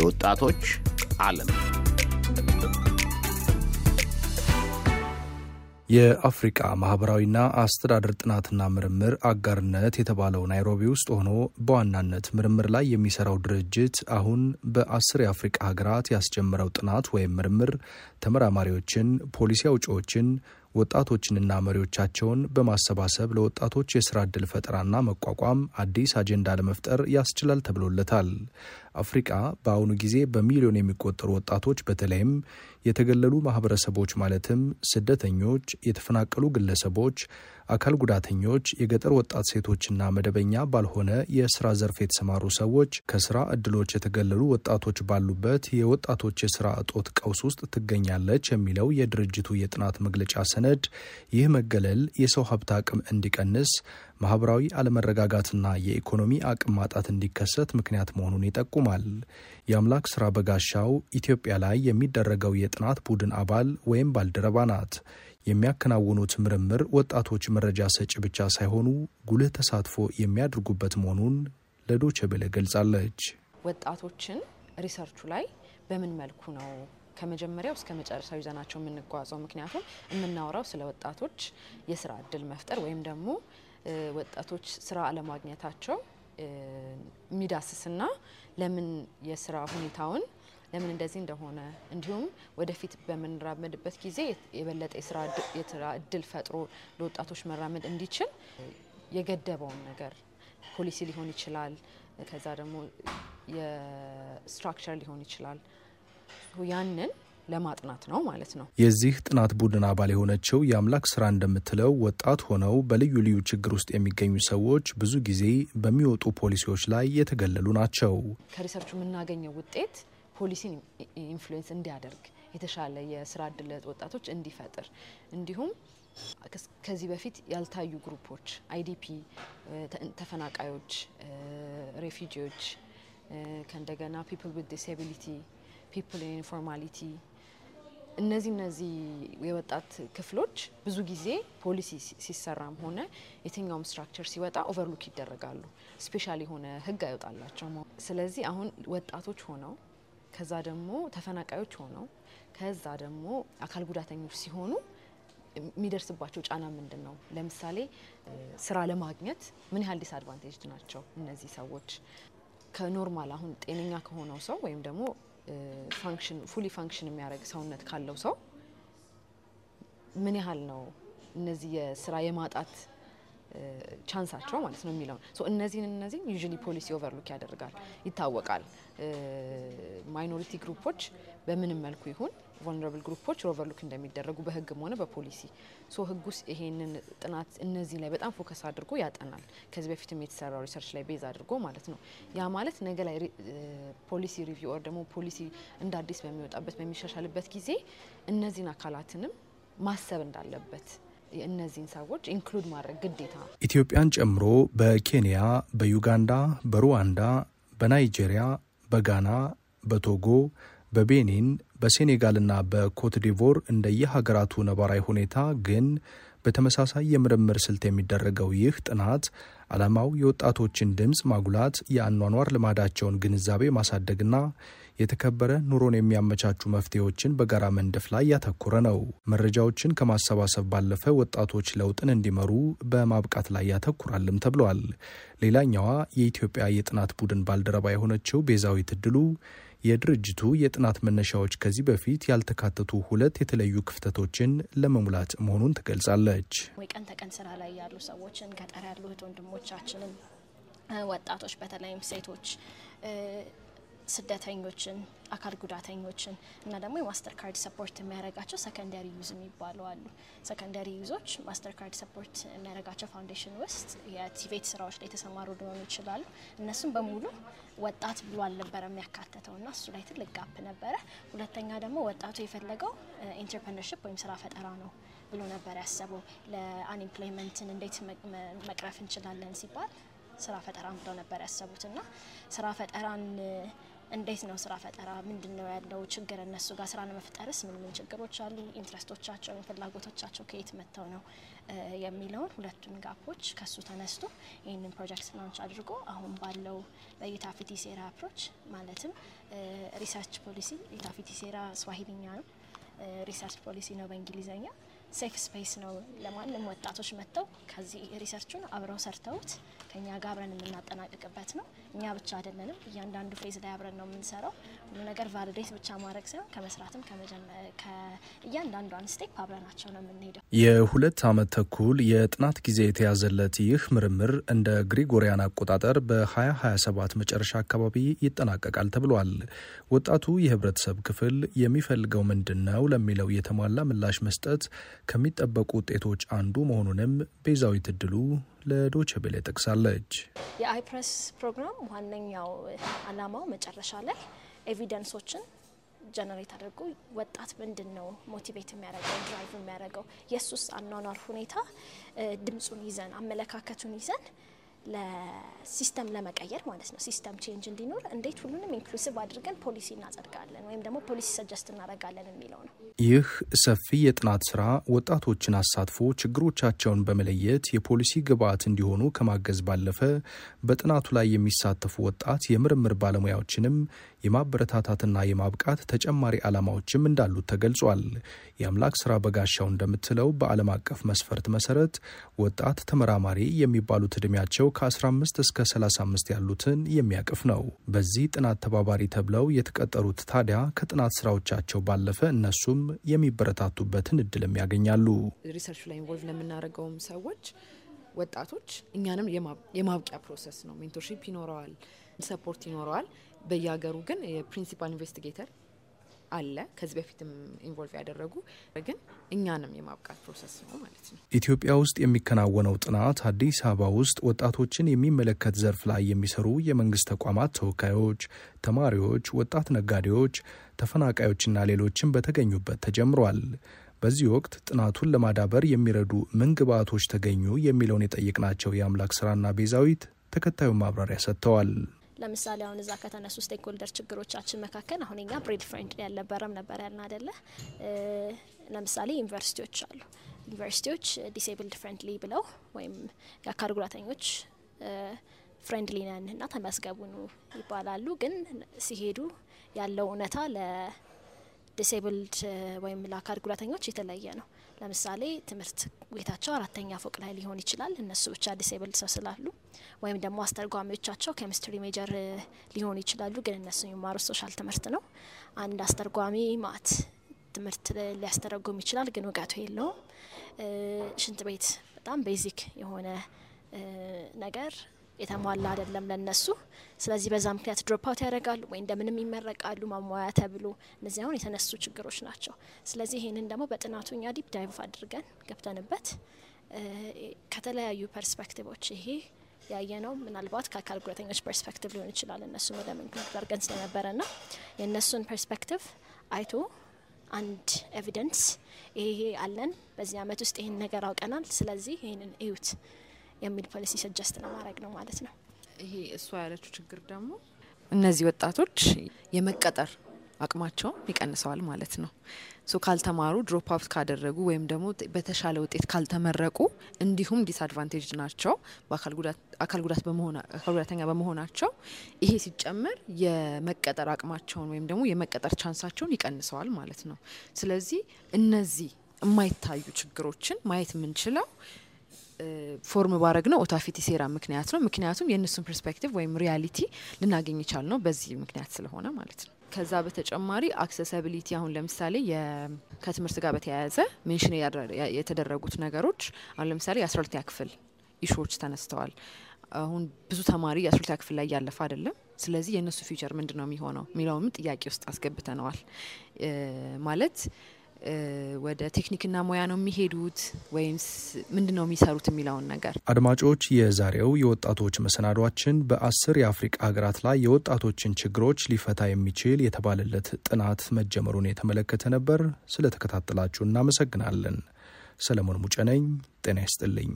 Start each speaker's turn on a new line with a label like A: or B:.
A: የወጣቶች ዓለም የአፍሪቃ ማህበራዊና አስተዳደር ጥናትና ምርምር አጋርነት የተባለው ናይሮቢ ውስጥ ሆኖ በዋናነት ምርምር ላይ የሚሰራው ድርጅት አሁን በአስር የአፍሪቃ ሀገራት ያስጀመረው ጥናት ወይም ምርምር ተመራማሪዎችን፣ ፖሊሲ አውጪዎችን፣ ወጣቶችንና መሪዎቻቸውን በማሰባሰብ ለወጣቶች የስራ ዕድል ፈጠራና መቋቋም አዲስ አጀንዳ ለመፍጠር ያስችላል ተብሎለታል። አፍሪቃ በአሁኑ ጊዜ በሚሊዮን የሚቆጠሩ ወጣቶች በተለይም የተገለሉ ማህበረሰቦች ማለትም ስደተኞች፣ የተፈናቀሉ ግለሰቦች፣ አካል ጉዳተኞች፣ የገጠር ወጣት ሴቶችና መደበኛ ባልሆነ የስራ ዘርፍ የተሰማሩ ሰዎች ከስራ እድሎች የተገለሉ ወጣቶች ባሉበት የወጣቶች የስራ እጦት ቀውስ ውስጥ ትገኛለች የሚለው የድርጅቱ የጥናት መግለጫ ሰነድ ይህ መገለል የሰው ሀብት አቅም እንዲቀንስ ማህበራዊ አለመረጋጋትና የኢኮኖሚ አቅም ማጣት እንዲከሰት ምክንያት መሆኑን ይጠቁማል። የአምላክ ስራ በጋሻው ኢትዮጵያ ላይ የሚደረገው የጥናት ቡድን አባል ወይም ባልደረባ ናት። የሚያከናውኑት ምርምር ወጣቶች መረጃ ሰጪ ብቻ ሳይሆኑ ጉልህ ተሳትፎ የሚያደርጉበት መሆኑን ለዶቼ ቬለ ገልጻለች።
B: ወጣቶችን ሪሰርቹ ላይ በምን መልኩ ነው ከመጀመሪያው እስከ መጨረሻው ይዘናቸው የምንጓዘው? ምክንያቱም የምናወራው ስለ ወጣቶች የስራ እድል መፍጠር ወይም ደግሞ ወጣቶች ስራ አለማግኘታቸው የሚዳስስና ለምን የስራ ሁኔታውን ለምን እንደዚህ እንደሆነ እንዲሁም ወደፊት በምንራመድበት ጊዜ የበለጠ የስራ እድል ፈጥሮ ለወጣቶች መራመድ እንዲችል የገደበውን ነገር ፖሊሲ ሊሆን ይችላል፣ ከዛ ደግሞ የስትራክቸር ሊሆን ይችላል ያንን ለማጥናት ነው ማለት ነው።
A: የዚህ ጥናት ቡድን አባል የሆነችው የአምላክ ስራ እንደምትለው ወጣት ሆነው በልዩ ልዩ ችግር ውስጥ የሚገኙ ሰዎች ብዙ ጊዜ በሚወጡ ፖሊሲዎች ላይ የተገለሉ ናቸው።
B: ከሪሰርቹ የምናገኘው ውጤት ፖሊሲን ኢንፍሉዌንስ እንዲያደርግ የተሻለ የስራ እድል ወጣቶች እንዲፈጥር እንዲሁም ከዚህ በፊት ያልታዩ ግሩፖች አይዲፒ፣ ተፈናቃዮች፣ ሬፊጂዎች ከእንደገና ፒፕል ዊዝ ዲስቢሊቲ፣ ፒፕል ኢንፎርማሊቲ እነዚህ እነዚህ የወጣት ክፍሎች ብዙ ጊዜ ፖሊሲ ሲሰራም ሆነ የትኛውም ስትራክቸር ሲወጣ ኦቨርሉክ ይደረጋሉ። ስፔሻል የሆነ ህግ አይወጣላቸው። ስለዚህ አሁን ወጣቶች ሆነው ከዛ ደግሞ ተፈናቃዮች ሆነው ከዛ ደግሞ አካል ጉዳተኞች ሲሆኑ የሚደርስባቸው ጫና ምንድን ነው? ለምሳሌ ስራ ለማግኘት ምን ያህል ዲስአድቫንቴጅ ናቸው እነዚህ ሰዎች ከኖርማል አሁን ጤነኛ ከሆነው ሰው ወይም ደግሞ ፋንክሽን ፉሊ ፋንክሽን የሚያደርግ ሰውነት ካለው ሰው ምን ያህል ነው እነዚህ የስራ የማጣት ቻንሳቸው ማለት ነው የሚለው እነዚህን እነዚህን ዩዥሊ ፖሊሲ ኦቨርሉክ ያደርጋል ይታወቃል። ማይኖሪቲ ግሩፖች በምንም መልኩ ይሁን ቮልነራብል ግሩፖች ኦቨርሉክ እንደሚደረጉ በህግም ሆነ በፖሊሲ ሶ ህግ ውስጥ ይሄንን ጥናት እነዚህ ላይ በጣም ፎከስ አድርጎ ያጠናል። ከዚህ በፊትም የተሰራው ሪሰርች ላይ ቤዝ አድርጎ ማለት ነው። ያ ማለት ነገ ላይ ፖሊሲ ሪቪው ኦር ደግሞ ፖሊሲ እንደ አዲስ በሚወጣበት በሚሻሻልበት ጊዜ እነዚህን አካላትንም ማሰብ እንዳለበት እነዚህን ሰዎች ኢንክሉድ ማድረግ ግዴታ ነው።
A: ኢትዮጵያን ጨምሮ በኬንያ፣ በዩጋንዳ፣ በሩዋንዳ፣ በናይጄሪያ፣ በጋና፣ በቶጎ፣ በቤኒን፣ በሴኔጋልና በኮትዲቮር እንደየሀገራቱ ነባራዊ ሁኔታ ግን በተመሳሳይ የምርምር ስልት የሚደረገው ይህ ጥናት ዓላማው የወጣቶችን ድምፅ ማጉላት፣ የአኗኗር ልማዳቸውን ግንዛቤ ማሳደግና የተከበረ ኑሮን የሚያመቻቹ መፍትሄዎችን በጋራ መንደፍ ላይ ያተኮረ ነው። መረጃዎችን ከማሰባሰብ ባለፈ ወጣቶች ለውጥን እንዲመሩ በማብቃት ላይ ያተኩራልም ተብሏል። ሌላኛዋ የኢትዮጵያ የጥናት ቡድን ባልደረባ የሆነችው ቤዛዊት እድሉ የድርጅቱ የጥናት መነሻዎች ከዚህ በፊት ያልተካተቱ ሁለት የተለዩ ክፍተቶችን ለመሙላት መሆኑን ትገልጻለች።
C: ቀን ተቀን ስራ ላይ ያሉ ሰዎችን፣ ገጠር ያሉ እህት ወንድሞቻችንን፣ ወጣቶች በተለይም ሴቶች ስደተኞችን፣ አካል ጉዳተኞችን እና ደግሞ የማስተር ካርድ ሰፖርት የሚያደርጋቸው ሰከንዳሪ ዩዝ የሚባሉ አሉ። ሰከንዳሪ ዩዞች ማስተር ካርድ ሰፖርት የሚያደርጋቸው ፋውንዴሽን ውስጥ የቲቬት ስራዎች ላይ የተሰማሩ ሊሆኑ ይችላሉ። እነሱም በሙሉ ወጣት ብሎ አልነበረ የሚያካተተው እና እሱ ላይ ትልቅ ጋፕ ነበረ። ሁለተኛ ደግሞ ወጣቱ የፈለገው ኢንተርፕረነርሽፕ ወይም ስራ ፈጠራ ነው ብሎ ነበር ያሰበው። ለአንኤምፕሎይመንትን እንዴት መቅረፍ እንችላለን ሲባል ስራ ፈጠራን ብለው ነበር ያሰቡት እና ስራ ፈጠራን እንዴት ነው ስራ ፈጠራ ምንድን ነው ያለው ችግር? እነሱ ጋር ስራ ለመፍጠርስ ምን ምን ችግሮች አሉ? ኢንትረስቶቻቸው ወይም ፍላጎቶቻቸው ከየት መጥተው ነው የሚለውን ሁለቱን ጋፖች ከሱ ተነስቶ ይህንን ፕሮጀክት ላንች አድርጎ አሁን ባለው የኢታፊቲ ሴራ አፕሮች ማለትም ሪሰርች ፖሊሲ ኢታፊቲ ሴራ ስዋሂልኛ ነው፣ ሪሰርች ፖሊሲ ነው በእንግሊዝኛ ሴፍ ስፔስ ነው ለማንም ወጣቶች መጥተው ከዚህ ሪሰርቹን አብረው ሰርተውት ከኛ ጋር አብረን የምናጠናቅቅበት ነው። እኛ ብቻ አይደለንም፣ እያንዳንዱ ፌዝ ላይ አብረን ነው የምንሰራው። ሁሉ ነገር ቫልዴት ብቻ ማድረግ ሳይሆን ከመስራትም ከእያንዳንዷን ስቴፕ አብረናቸው ነው የምንሄደው።
A: የሁለት ዓመት ተኩል የጥናት ጊዜ የተያዘለት ይህ ምርምር እንደ ግሪጎሪያን አቆጣጠር በ2027 መጨረሻ አካባቢ ይጠናቀቃል ተብሏል። ወጣቱ የህብረተሰብ ክፍል የሚፈልገው ምንድን ነው ለሚለው የተሟላ ምላሽ መስጠት ከሚጠበቁ ውጤቶች አንዱ መሆኑንም ቤዛዊት እድሉ ለዶችቤሌ ጠቅሳለች።
C: የአይፕረስ ፕሮግራም ዋነኛው አላማው መጨረሻ ላይ ኤቪደንሶችን ጀነሬት አድርጎ ወጣት ምንድን ነው ሞቲቬት የሚያደርገው ድራይቭ የሚያደርገው የእሱስ አኗኗር ሁኔታ ድምፁን ይዘን አመለካከቱን ይዘን ለሲስተም ለመቀየር ማለት ነው። ሲስተም ቼንጅ እንዲኖር እንዴት ሁሉንም ኢንክሉሲቭ አድርገን ፖሊሲ እናጸድቃለን ወይም ደግሞ ፖሊሲ ሰጀስት እናደርጋለን የሚለው ነው።
A: ይህ ሰፊ የጥናት ስራ ወጣቶችን አሳትፎ ችግሮቻቸውን በመለየት የፖሊሲ ግብዓት እንዲሆኑ ከማገዝ ባለፈ በጥናቱ ላይ የሚሳተፉ ወጣት የምርምር ባለሙያዎችንም የማበረታታትና የማብቃት ተጨማሪ ዓላማዎችም እንዳሉት ተገልጿል። የአምላክ ስራ በጋሻው እንደምትለው በዓለም አቀፍ መስፈርት መሰረት ወጣት ተመራማሪ የሚባሉት ዕድሜያቸው ከ15 እስከ 35 ያሉትን የሚያቅፍ ነው። በዚህ ጥናት ተባባሪ ተብለው የተቀጠሩት ታዲያ ከጥናት ስራዎቻቸው ባለፈ እነሱም የሚበረታቱበትን እድልም ያገኛሉ።
B: ሪሰርች ላይ ኢንቮልቭ ለምናደርገውም ሰዎች ወጣቶች እኛንም የማብቂያ ፕሮሰስ ነው። ሜንቶርሺፕ ይኖረዋል፣ ሰፖርት ይኖረዋል። በየሀገሩ ግን የፕሪንሲፓል ኢንቨስቲጌተር አለ ከዚህ በፊትም ኢንቮልቭ ያደረጉ ግን እኛንም የማብቃት ፕሮሰስ ነው ማለት
A: ነው። ኢትዮጵያ ውስጥ የሚከናወነው ጥናት አዲስ አበባ ውስጥ ወጣቶችን የሚመለከት ዘርፍ ላይ የሚሰሩ የመንግስት ተቋማት ተወካዮች፣ ተማሪዎች፣ ወጣት ነጋዴዎች፣ ተፈናቃዮችና ሌሎችን በተገኙበት ተጀምሯል። በዚህ ወቅት ጥናቱን ለማዳበር የሚረዱ ምን ግብዓቶች ተገኙ የሚለውን የጠየቅናቸው የአምላክ ስራና ቤዛዊት ተከታዩን ማብራሪያ ሰጥተዋል።
C: ለምሳሌ አሁን እዛ ከተነሱ ስቴክሆልደር ችግሮቻችን መካከል አሁን እኛ ብሬድ ፍሬንድ ያልነበረም ነበር ያልን አደለ። ለምሳሌ ዩኒቨርሲቲዎች አሉ። ዩኒቨርሲቲዎች ዲሴብልድ ፍሬንድሊ ብለው ወይም የአካል ጉዳተኞች ፍሬንድሊ ነን እና ተመዝገቡኑ ይባላሉ። ግን ሲሄዱ ያለው እውነታ ለዲስብልድ ወይም ለአካል ጉዳተኞች የተለየ ነው። ለምሳሌ ትምህርት ቤታቸው አራተኛ ፎቅ ላይ ሊሆን ይችላል። እነሱ ብቻ ዲስብልድ ሰው ስላሉ ወይም ደግሞ አስተርጓሚዎቻቸው ኬሚስትሪ ሜጀር ሊሆኑ ይችላሉ። ግን እነሱ የሚማሩት ሶሻል ትምህርት ነው። አንድ አስተርጓሚ ማት ትምህርት ሊያስተረጉም ይችላል፣ ግን እውቀቱ የለውም። ሽንት ቤት በጣም ቤዚክ የሆነ ነገር የተሟላ አይደለም ለነሱ። ስለዚህ በዛ ምክንያት ድሮፕ አውት ያደርጋሉ ወይ እንደምንም ይመረቃሉ ማሟያ ተብሎ። እነዚህ አሁን የተነሱ ችግሮች ናቸው። ስለዚህ ይህንን ደግሞ በጥናቱ እኛ ዲፕ ዳይቭ አድርገን ገብተንበት ከተለያዩ ፐርስፔክቲቮች ይሄ ያየነው ምናልባት ከአካል ጉዳተኞች ፐርስፔክቲቭ ሊሆን ይችላል። እነሱን ወደ ምንክንያት ስለነበረ ና የእነሱን ፐርስፔክቲቭ አይቶ አንድ ኤቪደንስ ይሄ አለን፣ በዚህ አመት ውስጥ ይህን ነገር አውቀናል፣ ስለዚህ ይህንን እዩት የሚል ፖሊሲ ሰጀስት ነው ማድረግ ነው ማለት ነው። ይሄ እሷ ያለችው ችግር ደግሞ
B: እነዚህ ወጣቶች የመቀጠር አቅማቸውን ይቀንሰዋል ማለት ነው። ሶ ካልተማሩ ድሮፕ አውት ካደረጉ ወይም ደግሞ በተሻለ ውጤት ካልተመረቁ እንዲሁም ዲስአድቫንቴጅ ናቸው አካል ጉዳት ጉዳተኛ በመሆናቸው ይሄ ሲጨመር የመቀጠር አቅማቸውን ወይም ደግሞ የመቀጠር ቻንሳቸውን ይቀንሰዋል ማለት ነው። ስለዚህ እነዚህ የማይታዩ ችግሮችን ማየት የምንችለው ፎርም ባረግ ነው ኦታፊቲ ሴራ ምክንያት ነው። ምክንያቱም የእነሱን ፐርስፔክቲቭ ወይም ሪያሊቲ ልናገኝ ይቻል ነው በዚህ ምክንያት ስለሆነ ማለት ነው። ከዛ በተጨማሪ አክሰሰብሊቲ አሁን ለምሳሌ ከትምህርት ጋር በተያያዘ ሜንሽን የተደረጉት ነገሮች አሁን ለምሳሌ የአስራ ሁለተኛ ክፍል ኢሹዎች ተነስተዋል። አሁን ብዙ ተማሪ የአስራ ሁለተኛ ክፍል ላይ ያለፈ አይደለም። ስለዚህ የእነሱ ፊውቸር ምንድን ነው የሚሆነው የሚለውንም ጥያቄ ውስጥ አስገብተነዋል ማለት ወደ ቴክኒክና ሙያ ነው የሚሄዱት ወይምስ ምንድን ነው የሚሰሩት የሚለውን ነገር።
A: አድማጮች፣ የዛሬው የወጣቶች መሰናዷችን በአስር የአፍሪቃ ሀገራት ላይ የወጣቶችን ችግሮች ሊፈታ የሚችል የተባለለት ጥናት መጀመሩን የተመለከተ ነበር። ስለተከታተላችሁ እናመሰግናለን። ሰለሞን ሙጨነኝ ጤና ይስጥልኝ።